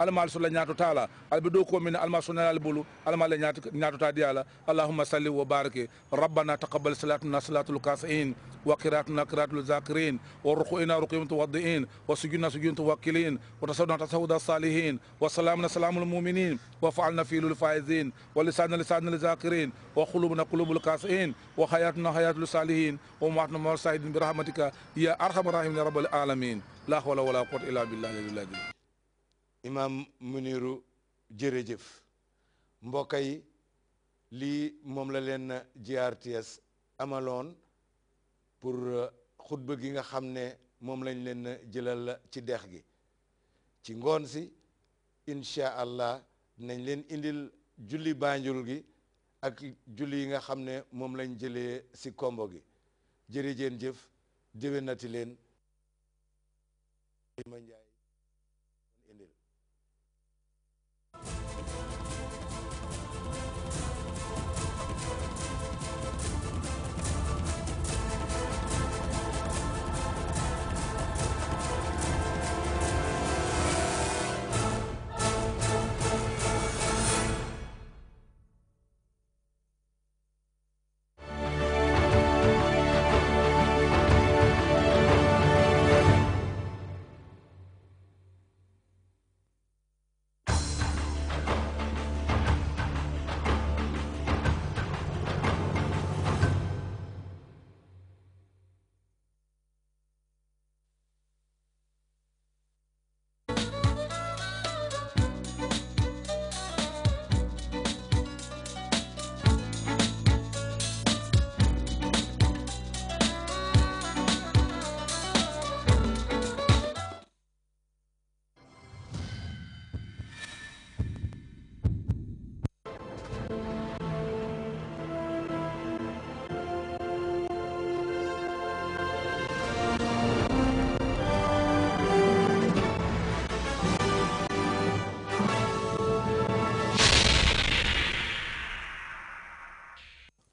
alama al sulla ñaato taala albe ɗo komin alma sunnal bulu alma la ñaato ta diyala allahumma salli wa barake rabbana taqabbal salatuna salatul kasiin wa qiraatuna qiraatul zakirin wa rukuina ruqiyum tuwaddiin wa sujudna sujudum tuwakkilin wa tasawudna tasawuda salihin wa salamna salamul muminin wa faalna fiilul faizin wa lisanna lisanul zakirin wa qulubna qulubul kasiin wa hayatuna hayatul salihin wa maatna mawar sahidin birahmatika ya arhamar rahimin ya rabbal alamin la hawla wala quwwata illa billahi imaam Muniru jërëjëf mbokk yi lii moom la leen GRTS amaloon pour euh, xutba gi nga xam ne moom lañ leen jëlal ci dex gi ci ngoon si incha allah nañ leen indil julli Banjul gi ak julli yi nga xam ne moom lañ jëlee si kombo gi jeen jëf déwénati leen ma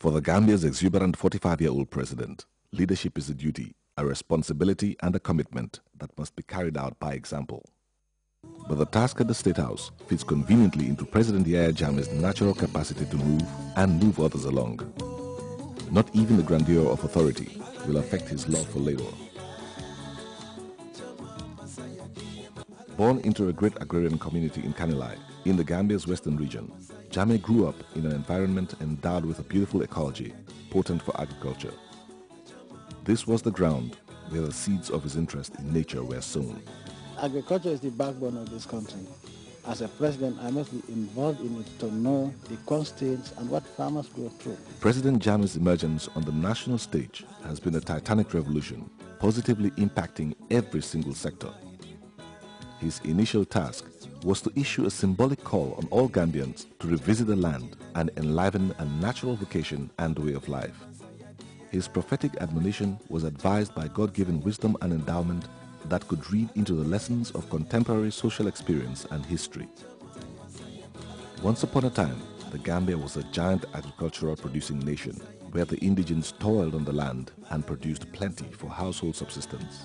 For the Gambia's exuberant 45-year-old president, leadership is a duty, a responsibility and a commitment that must be carried out by example. But the task at the State House fits conveniently into President Yahya Jammeh's natural capacity to move and move others along. Not even the grandeur of authority will affect his love for labor. Born into a great agrarian community in Kanilai, in the Gambia's western region, Jame grew up in an environment endowed with a beautiful ecology, potent for agriculture. This was the ground where the seeds of his interest in nature were sown. Agriculture is the backbone of this country. As a president, I must be involved in it to know the constraints and what farmers go through. President Jammeh's emergence on the national stage has been a titanic revolution, positively impacting every single sector. His initial task was to issue a symbolic call on all Gambians to revisit the land and enliven a natural vocation and way of life. His prophetic admonition was advised by God-given wisdom and endowment that could read into the lessons of contemporary social experience and history. Once upon a time, the Gambia was a giant agricultural producing nation where the indigents toiled on the land and produced plenty for household subsistence.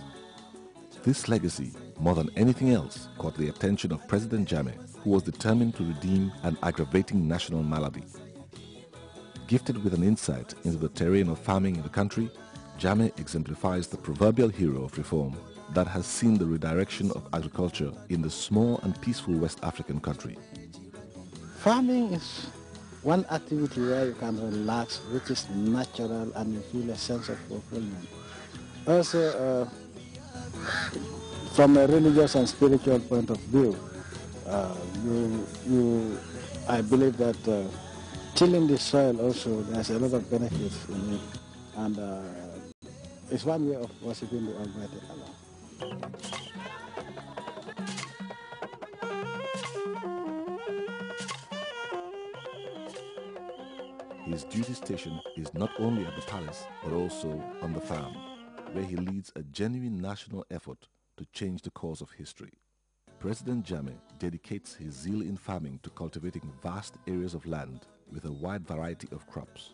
This legacy, more than anything else, caught the attention of President Jammeh, who was determined to redeem an aggravating national malady. Gifted with an insight into the terrain of farming in the country, Jammeh exemplifies the proverbial hero of reform that has seen the redirection of agriculture in the small and peaceful West African country. Farming is one activity where you can relax, which is natural and you feel a sense of fulfillment. Also, uh, from a religious and spiritual point of view, uh, you, you, I believe that uh, tilling the soil also there's a lot of benefits in it, and uh, it's one way of worshiping the Almighty Allah. His duty station is not only at the palace, but also on the farm where he leads a genuine national effort to change the course of history. President Jame dedicates his zeal in farming to cultivating vast areas of land with a wide variety of crops.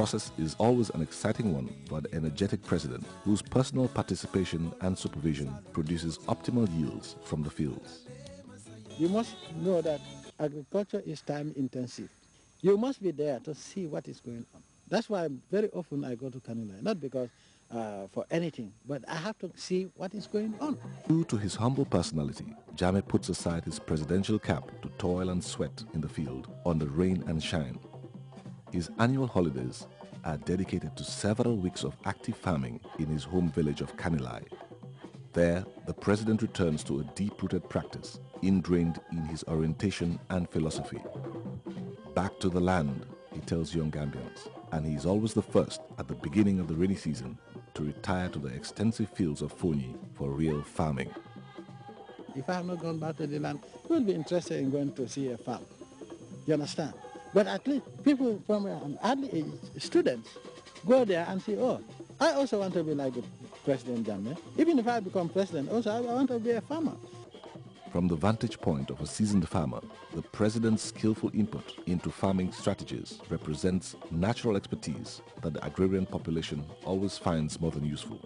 process is always an exciting one for the energetic president whose personal participation and supervision produces optimal yields from the fields. You must know that agriculture is time intensive. You must be there to see what is going on. That's why very often I go to Kanula, not because uh, for anything, but I have to see what is going on. Due to his humble personality, Jame puts aside his presidential cap to toil and sweat in the field on the rain and shine his annual holidays are dedicated to several weeks of active farming in his home village of Kanilai. There, the president returns to a deep-rooted practice, ingrained in his orientation and philosophy. Back to the land, he tells young Gambians, and he is always the first at the beginning of the rainy season to retire to the extensive fields of Fonyi for real farming. If I have not gone back to the land, you will be interested in going to see a farm. You understand? But at least people from an early age, students, go there and say, oh, I also want to be like President Jammeh. Even if I become president, also I want to be a farmer. From the vantage point of a seasoned farmer, the president's skillful input into farming strategies represents natural expertise that the agrarian population always finds more than useful.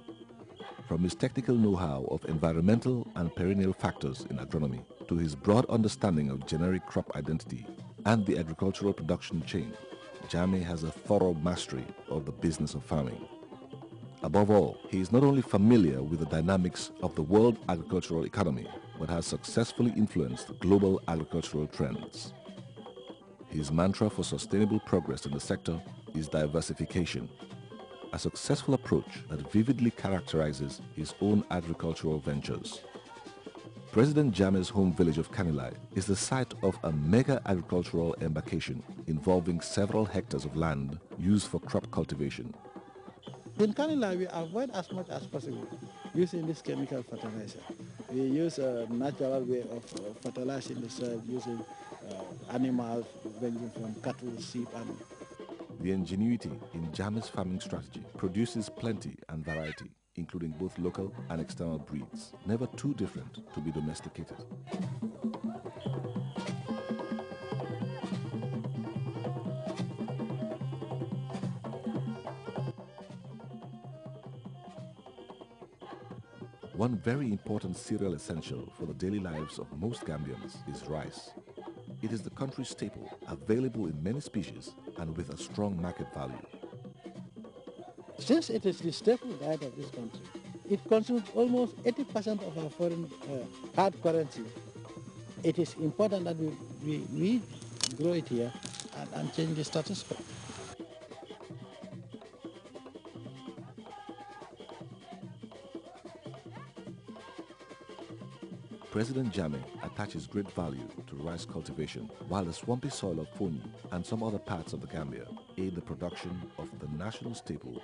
From his technical know-how of environmental and perennial factors in agronomy to his broad understanding of generic crop identity and the agricultural production chain, Jamie has a thorough mastery of the business of farming. Above all, he is not only familiar with the dynamics of the world agricultural economy, but has successfully influenced global agricultural trends. His mantra for sustainable progress in the sector is diversification, a successful approach that vividly characterizes his own agricultural ventures. President Jammeh's home village of Kanilai is the site of a mega agricultural embarkation involving several hectares of land used for crop cultivation. In Kanilai, we avoid as much as possible using this chemical fertilizer. We use a natural way of fertilizing the soil using uh, animals ranging from cattle, sheep, and... The ingenuity in Jammeh's farming strategy produces plenty and variety including both local and external breeds, never too different to be domesticated. One very important cereal essential for the daily lives of most Gambians is rice. It is the country's staple, available in many species and with a strong market value. Since it is the staple diet of this country, it consumes almost 80% of our foreign uh, hard currency. It is important that we, we, we grow it here and, and change the status quo. President Jame attaches great value to rice cultivation, while the swampy soil of Puni and some other parts of the Gambia aid the production of the national staple.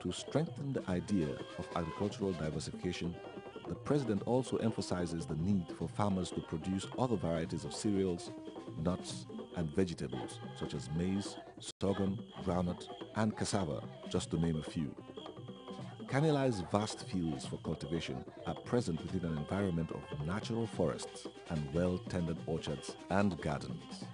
To strengthen the idea of agricultural diversification, the president also emphasizes the need for farmers to produce other varieties of cereals, nuts, and vegetables such as maize, sorghum, groundnut, and cassava, just to name a few. Caneli's vast fields for cultivation are present within an environment of natural forests and well-tended orchards and gardens.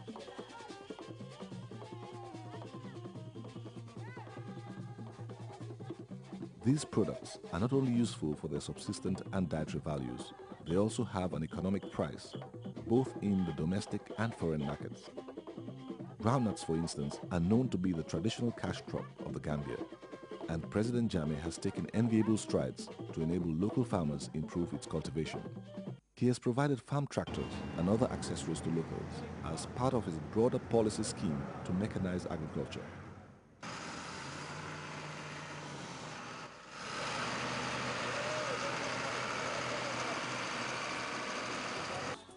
These products are not only useful for their subsistent and dietary values, they also have an economic price, both in the domestic and foreign markets, Groundnuts, for instance, are known to be the traditional cash crop of the Gambia, and President Jame has taken enviable strides to enable local farmers improve its cultivation. He has provided farm tractors and other accessories to locals as part of his broader policy scheme to mechanize agriculture.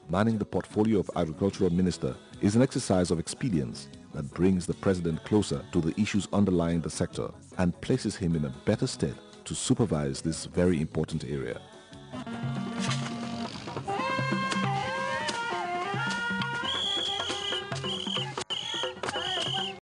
manning the portfolio of agricultural minister is an exercise of expedience that brings the president closer to the issues underlying the sector and places him in a better stead to supervise this very important area.